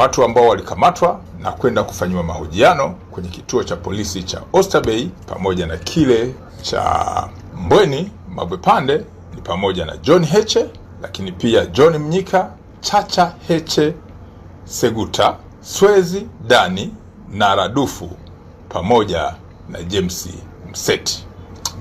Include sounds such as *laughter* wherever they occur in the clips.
watu ambao walikamatwa na kwenda kufanyiwa mahojiano kwenye kituo cha polisi cha Oysterbay pamoja na kile cha Mbweni Mabwepande ni pamoja na John Heche, lakini pia John Mnyika, Chacha Heche Seguta, Swezi Dani na Radufu pamoja na James Mseti.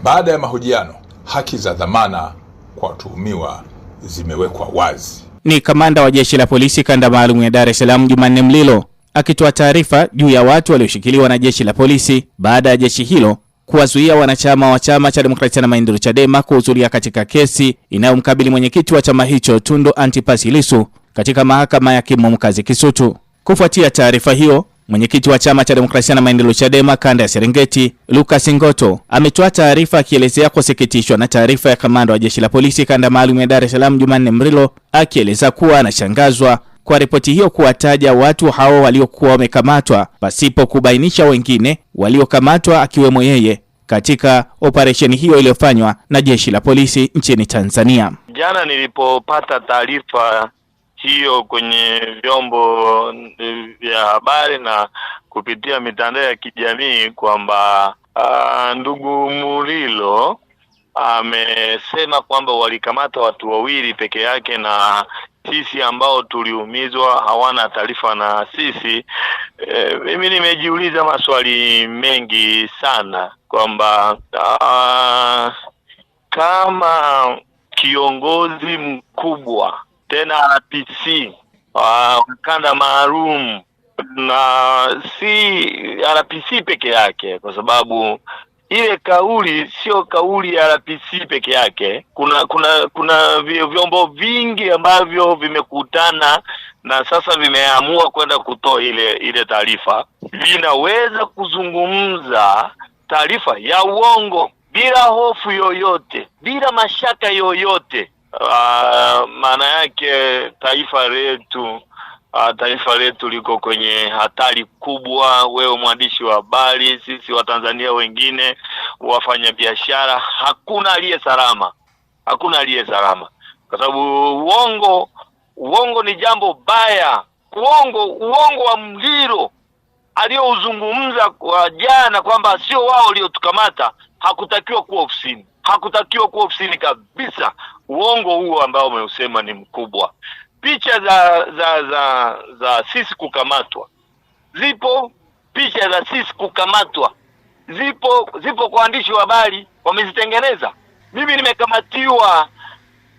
Baada ya mahojiano, haki za dhamana kwa watuhumiwa zimewekwa wazi. Ni kamanda wa jeshi la polisi kanda maalum ya Dar es Salaam Jumanne Mlilo akitoa taarifa juu ya watu walioshikiliwa na jeshi la polisi baada ya jeshi hilo kuwazuia wanachama wa chama cha demokrasia na maendeleo Chadema kuhudhuria katika kesi inayomkabili mwenyekiti wa chama hicho Tundu Antipas Lissu katika mahakama ya kimomkazi mkazi Kisutu. Kufuatia taarifa hiyo, Mwenyekiti wa chama cha demokrasia na maendeleo Chadema kanda ya Serengeti Lucas Ngoto ametoa taarifa akielezea kusikitishwa na taarifa ya kamanda wa jeshi la polisi kanda maalum ya Dar es Salaam Jumanne Mrilo, akieleza kuwa anashangazwa kwa ripoti hiyo kuwataja watu hao waliokuwa wamekamatwa pasipo kubainisha wengine waliokamatwa akiwemo yeye katika operesheni hiyo iliyofanywa na jeshi la polisi nchini Tanzania. Jana nilipopata taarifa hiyo kwenye vyombo eh, vya habari na kupitia mitandao ya kijamii kwamba ah, ndugu Murilo amesema kwamba walikamata watu wawili peke yake na sisi ambao tuliumizwa hawana taarifa na sisi. E, mimi nimejiuliza maswali mengi sana kwamba ah, kama kiongozi mkubwa tena RPC uh, ah, kanda maalum na si RPC peke yake, kwa sababu ile kauli sio kauli ya RPC peke yake. Kuna kuna kuna vyombo vingi ambavyo vimekutana na sasa vimeamua kwenda kutoa ile ile taarifa, vinaweza kuzungumza taarifa ya uongo bila hofu yoyote, bila mashaka yoyote Uh, maana yake taifa letu uh, taifa letu liko kwenye hatari kubwa. Wewe mwandishi wa habari, sisi Watanzania wengine, wafanya biashara, hakuna aliye salama, hakuna aliye salama, kwa sababu uongo, uongo ni jambo baya. Uongo, uongo wa Mliro aliyouzungumza kwa jana kwamba sio wao waliotukamata, hakutakiwa kuwa ofisini hakutakiwa kuwa ofisini kabisa. Uongo huo ambao umeusema ni mkubwa. Picha za za za za sisi kukamatwa zipo, picha za sisi kukamatwa zipo, zipo kwa waandishi wa habari wamezitengeneza. Mimi nimekamatiwa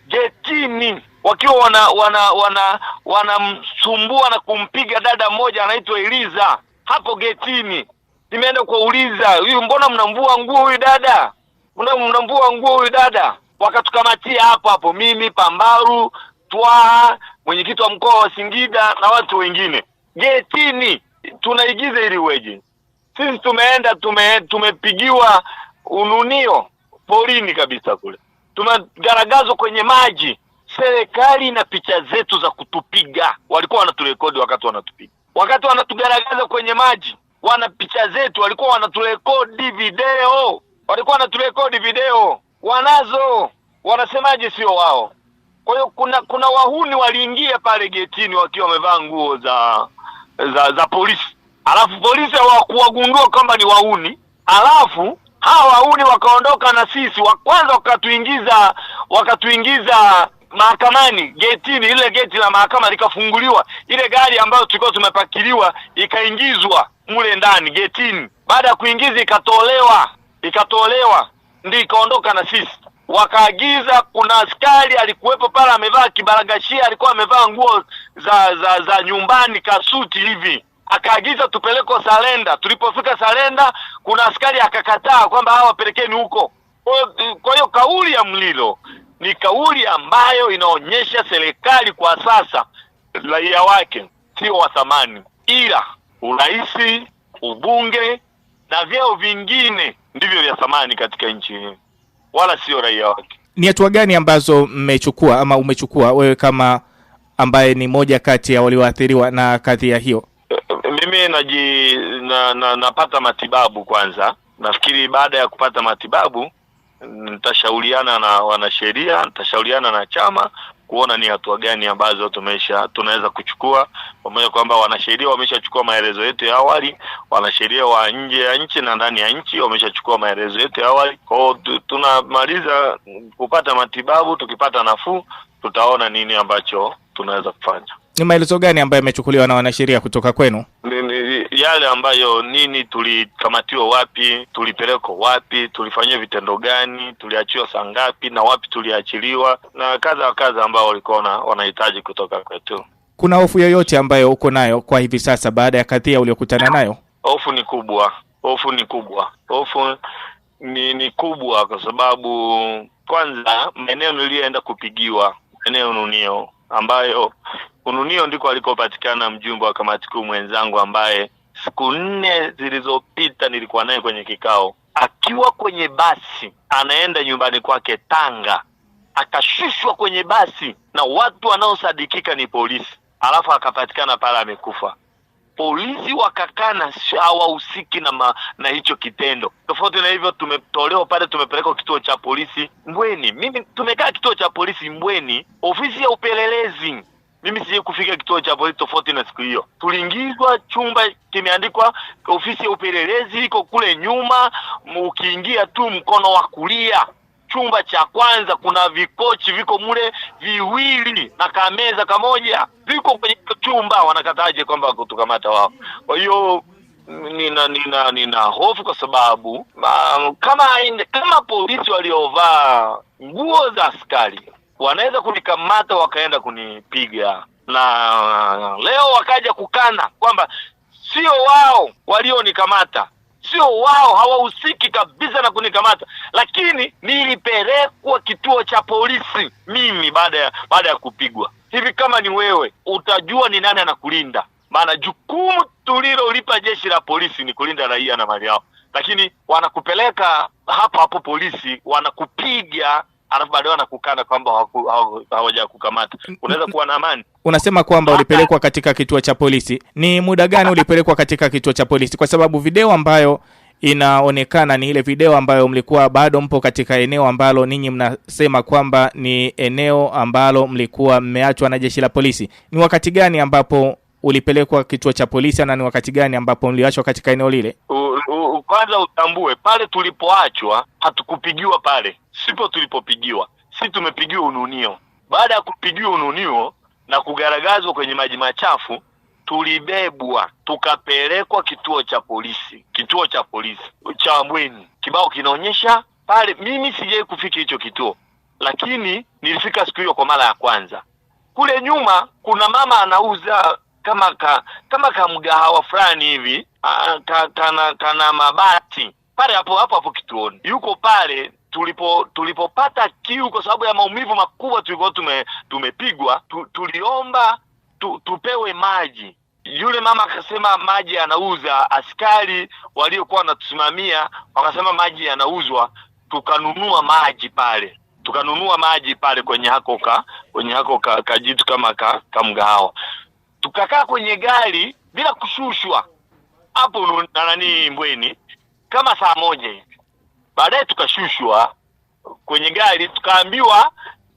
getini wakiwa wana wana wana wanamsumbua na kumpiga dada mmoja anaitwa Eliza hapo getini. Nimeenda kuwauliza, huyu mbona mnamvua nguo huyu dada? mnamvua nguo huyu dada, wakatukamatia hapo hapo, mimi Pambaru, Twaha, mwenyekiti wa mkoa wa Singida na watu wengine getini. Tunaigiza ili weje. Sisi tumeenda tume, tumepigiwa ununio porini kabisa kule, tumegaragazwa kwenye maji. Serikali na picha zetu za kutupiga, walikuwa wanaturekodi wakati wanatupiga, wakati wanatugaragaza kwenye maji, wana picha zetu, walikuwa wanaturekodi video walikuwa wanaturekodi video, wanazo, wanasemaje sio wao? Kwa hiyo kuna kuna wahuni waliingia pale getini wakiwa wamevaa nguo za za za polisi, alafu polisi hawakuwagundua kwamba ni wahuni, alafu hawa wahuni wakaondoka na sisi wa kwanza, wakatuingiza wakatuingiza mahakamani getini, ile geti la mahakama likafunguliwa, ile gari ambayo tulikuwa tumepakiliwa ikaingizwa mule ndani getini. Baada ya kuingiza ikatolewa ikatolewa, ndio ikaondoka na sisi. Wakaagiza, kuna askari alikuwepo pale amevaa kibaragashia, alikuwa amevaa nguo za za za nyumbani, kasuti hivi akaagiza tupelekwa Salenda. Tulipofika Salenda, kuna askari akakataa kwamba hawa wapelekeni huko. Kwa hiyo kauli ya Mlilo ni kauli ambayo inaonyesha serikali kwa sasa raia wake sio wa thamani, ila urahisi ubunge na vyeo vingine ndivyo vya thamani katika nchi hii, wala sio raia wake. Ni hatua gani ambazo mmechukua ama umechukua wewe kama ambaye ni moja kati ya walioathiriwa na kadhia hiyo? Eh, mimi naji na, na, napata matibabu kwanza. Nafikiri baada ya kupata matibabu nitashauriana na wanasheria, nitashauriana na chama kuona ni hatua gani ambazo tumesha tunaweza kuchukua, pamoja kwamba wanasheria wameshachukua maelezo yetu ya awali, wanasheria wa nje ya nchi na ndani ya nchi wameshachukua maelezo yetu ya awali. Kwao tunamaliza kupata matibabu, tukipata nafuu tutaona nini ambacho tunaweza kufanya. Ni maelezo gani ambayo yamechukuliwa na wanasheria kutoka kwenu? yale ambayo nini, tulikamatiwa wapi, tulipelekwa wapi, tulifanyiwa vitendo gani, tuliachiwa saa ngapi na wapi tuliachiliwa, na kadha wa kadha ambao walikuwa wanahitaji kutoka kwetu. Kuna hofu yoyote ambayo uko nayo kwa hivi sasa baada ya kadhia uliokutana nayo? Hofu ni kubwa, hofu ni kubwa, hofu ni ni kubwa, kwa sababu kwanza maeneo niliyoenda kupigiwa maeneo Ununio ambayo Ununio ndiko alikopatikana mjumbe wa kamati kuu mwenzangu ambaye siku nne zilizopita nilikuwa naye kwenye kikao akiwa kwenye basi anaenda nyumbani kwake tanga akashushwa kwenye basi na watu wanaosadikika ni polisi alafu akapatikana pale amekufa polisi wakakana hawahusiki na, ma, na hicho kitendo. Tofauti na hivyo, tumetolewa pale, tumepelekwa kituo cha polisi Mbweni. Mimi tumekaa kituo cha polisi Mbweni, ofisi ya upelelezi mimi sije kufika kituo cha polisi tofauti na siku hiyo. Tuliingizwa chumba kimeandikwa ofisi ya upelelezi iko kule nyuma, ukiingia tu mkono wa kulia chumba cha kwanza kuna vikochi viko mule viwili na kameza kamoja viko kwenye chumba, wanakataje kwamba wakutukamata wao? Kwa hiyo nina nina nina hofu kwa sababu ma, kama kama polisi waliovaa nguo za askari wanaweza kunikamata wakaenda kunipiga, na uh, leo wakaja kukana kwamba sio wao walionikamata, sio wao, hawahusiki kabisa na kunikamata, lakini nilipelekwa kituo cha polisi mimi baada ya baada ya kupigwa. Hivi kama ni wewe, utajua ni nani anakulinda? Maana jukumu tulilolipa jeshi la polisi ni kulinda raia na mali yao, lakini wanakupeleka hapo hapo polisi, wanakupiga alafu baadaye wanakukana kwamba kukamata unaweza kuwa na amani. Unasema kwamba ulipelekwa katika kituo cha polisi. Ni muda gani *laughs* ulipelekwa katika kituo cha polisi? Kwa sababu video ambayo inaonekana ni ile video ambayo mlikuwa bado mpo katika eneo ambalo ninyi mnasema kwamba ni eneo ambalo mlikuwa mmeachwa na jeshi la polisi. Ni wakati gani ambapo ulipelekwa kituo cha polisi na ni wakati gani ambapo uliachwa katika eneo lile? Kwanza utambue pale tulipoachwa hatukupigiwa pale, sipo tulipopigiwa, si tumepigiwa ununio. Baada ya kupigiwa ununio na kugaragazwa kwenye maji machafu, tulibebwa tukapelekwa kituo cha polisi, kituo cha polisi cha Mbweni. Kibao kinaonyesha pale. Mimi sijai kufika hicho kituo, lakini nilifika siku hiyo kwa mara ya kwanza. Kule nyuma kuna mama anauza kama ka, kama kamgahawa fulani hivi ka, kana, kana mabati pale hapo hapo hapo kituoni, yuko pale tulipo tulipopata kiu kwa sababu ya maumivu makubwa tulikuwa tume, tumepigwa tu, tuliomba tu, tupewe maji. Yule mama akasema maji anauza. Askari waliokuwa wanatusimamia wakasema maji yanauzwa, tukanunua maji pale tukanunua maji pale kwenye hako ka kwenye hako ka, kajitu kama ka, ka mgahawa tukakaa kwenye gari bila kushushwa hapo nani Mbweni kama saa moja hivi. Baadaye tukashushwa kwenye gari, tukaambiwa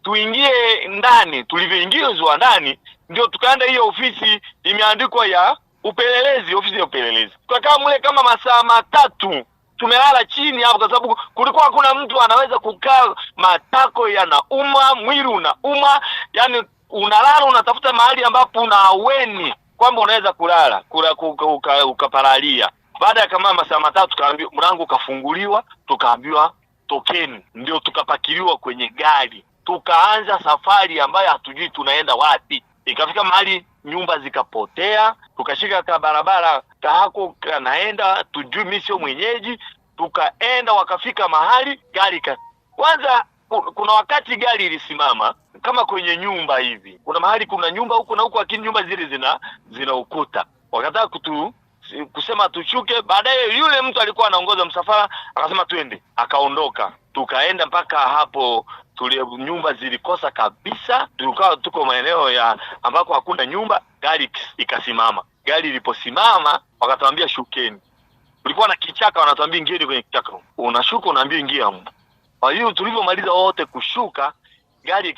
tuingie ndani. Tulivyoingizwa ndani, ndio tukaenda hiyo ofisi imeandikwa ya upelelezi, ofisi ya upelelezi. Tukakaa mle kama masaa matatu tumelala chini hapo, kwa sababu kulikuwa hakuna mtu anaweza kukaa, matako yanauma, mwili unauma, yani unalala unatafuta mahali ambapo una aweni kwamba unaweza kulala kula ukaparalia baada ya kama masaa matatu mlango ukafunguliwa tukaambiwa tokeni ndio tukapakiliwa kwenye gari tukaanza safari ambayo hatujui tunaenda wapi ikafika mahali nyumba zikapotea tukashika ka barabara kahako kanaenda tujui mi sio mwenyeji tukaenda wakafika mahali gari ka kwanza kuna wakati gari ilisimama kama kwenye nyumba hivi, kuna mahali kuna nyumba huku na huku, lakini nyumba zile zina zina ukuta. Wakataka kutu kusema tushuke. Baadaye yule mtu alikuwa anaongoza msafara akasema twende, akaondoka. Tukaenda mpaka hapo tuli, nyumba zilikosa kabisa, tukawa tuko maeneo ya ambako hakuna nyumba. Gari ikasimama. Gari iliposimama, wakatuambia shukeni. Kulikuwa na kichaka, wanatuambia ingieni kwenye kichaka, unashuka unaambia ingia kwa hiyo tulivyomaliza wote kushuka, gari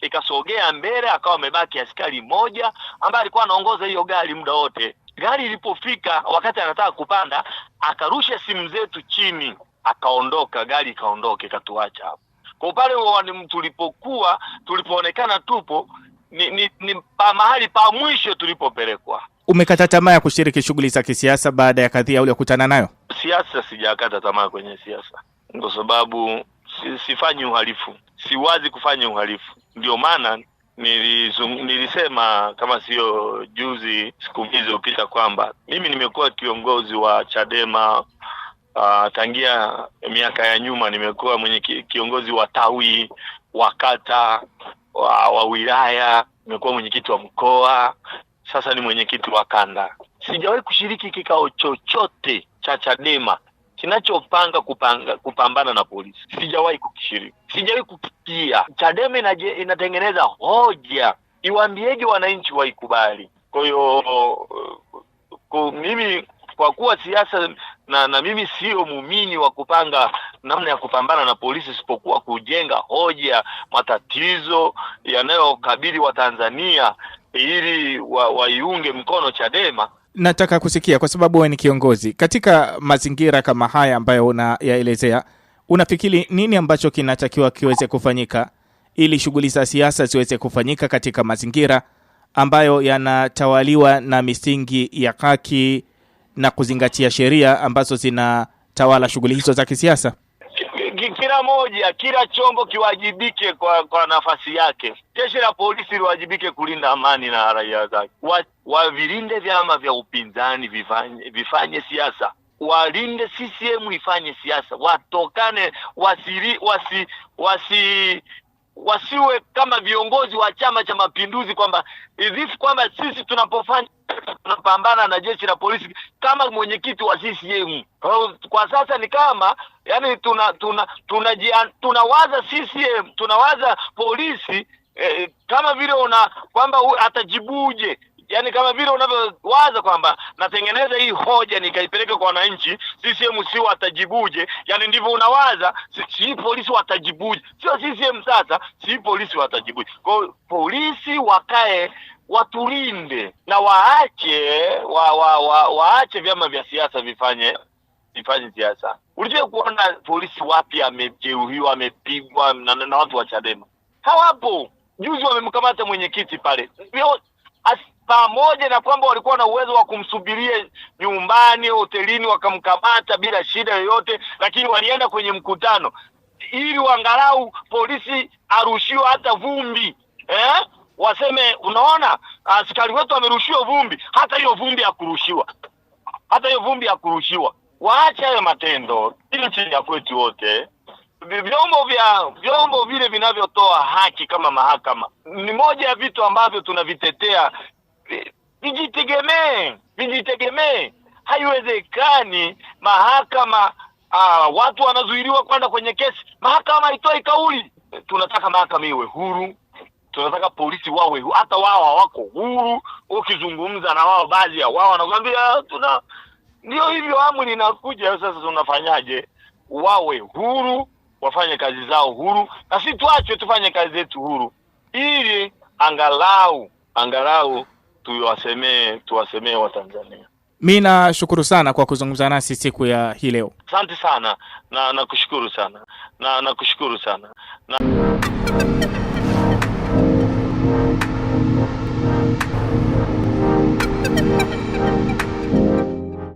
ikasogea mbele, akawa amebaki askari mmoja ambaye alikuwa anaongoza hiyo gari muda wote. Gari ilipofika wakati anataka kupanda, akarusha simu zetu chini, akaondoka, gari ikaondoka, ikatuacha hapo. Kwa pale tulipokuwa tulipoonekana tupo ni, ni, ni pa mahali pa mwisho tulipopelekwa. Umekata tamaa ya kushiriki shughuli za kisiasa baada ya kadhia uliokutana nayo? Siasa, sijakata tamaa kwenye siasa, kwa sababu si, sifanyi uhalifu, siwazi kufanya uhalifu. Ndio maana nilisema kama sio juzi, siku zilizopita kwamba mimi nimekuwa kiongozi wa Chadema uh, tangia miaka ya nyuma, nimekuwa mwenye kiongozi wa tawi, wa kata, wa, wa wilaya, nimekuwa mwenyekiti wa mkoa, sasa ni mwenyekiti wa kanda. Sijawahi kushiriki kikao chochote cha Chadema kinachopanga kupanga kupambana na polisi sijawahi kukishiriki, sijawahi kukikia. Chadema inaje, inatengeneza hoja, iwaambieje wananchi waikubali? Kwa hiyo mimi kwa kuwa siasa na, na mimi sio muumini wa kupanga namna ya kupambana na polisi isipokuwa kujenga hoja matatizo yanayokabili Watanzania ili waiunge wa mkono Chadema nataka kusikia kwa sababu wewe ni kiongozi katika mazingira kama haya ambayo unayaelezea, unafikiri nini ambacho kinatakiwa kiweze kufanyika ili shughuli za siasa ziweze kufanyika katika mazingira ambayo yanatawaliwa na misingi ya haki na kuzingatia sheria ambazo zinatawala shughuli hizo za kisiasa? Kila moja, kila chombo kiwajibike kwa, kwa nafasi yake. Jeshi la polisi liwajibike kulinda amani na raia zake, wavilinde wa vyama vya upinzani vifanye, vifanye siasa walinde CCM ifanye siasa, watokane wasiri, wasi, wasi wasiwe kama viongozi wa Chama cha Mapinduzi, kwamba izifu kwamba sisi tunapofanya tunapambana na jeshi la polisi kama mwenyekiti wa CCM. Kwa sasa ni kama yani tuna tuna tunawaza tuna, tuna CCM tunawaza polisi eh, kama vile una kwamba atajibuje yani kama vile unavyowaza kwamba natengeneza hii hoja nikaipeleka kwa wananchi, CCM si watajibuje? Yani ndivyo unawaza, si, si polisi watajibuje? Sio CCM sasa, si polisi watajibuje? Kwa polisi wakae watulinde na waache wa, wa, wa, waache vyama vya siasa vifanye vifanye siasa. Ulijua kuona polisi wapi amejeruhiwa, amepigwa na, na watu wa Chadema hawapo. Juzi wamemkamata mwenyekiti pale pamoja na kwamba walikuwa na uwezo wa kumsubiria nyumbani, hotelini, wakamkamata bila shida yoyote, lakini walienda kwenye mkutano ili wangalau polisi arushiwe hata vumbi eh? Waseme unaona, askari wetu amerushiwa vumbi. Hata hiyo vumbi kurushiwa, hata hiyo vumbi kurushiwa, Waache hayo matendo, nchi ya kwetu wote vyombo vya vyombo vile vinavyotoa haki kama mahakama ni moja ya vitu ambavyo tunavitetea vijitegemee, vijitegemee. Haiwezekani mahakama uh, watu wanazuiliwa kwenda kwenye kesi, mahakama haitoi kauli. Tunataka mahakama iwe huru, tunataka polisi wawe hata wao hawako huru. Ukizungumza na wao, baadhi ya wao wanakuambia tuna ndio hivyo, amri inakuja sasa, tunafanyaje? Wawe huru, wafanye kazi zao huru, na si tuache tufanye kazi zetu huru, ili angalau angalau tuwasemee tuwasemee Watanzania. Mi nashukuru sana kwa kuzungumza nasi siku ya hii leo. Asante sana na nakushukuru sana na nakushukuru sana na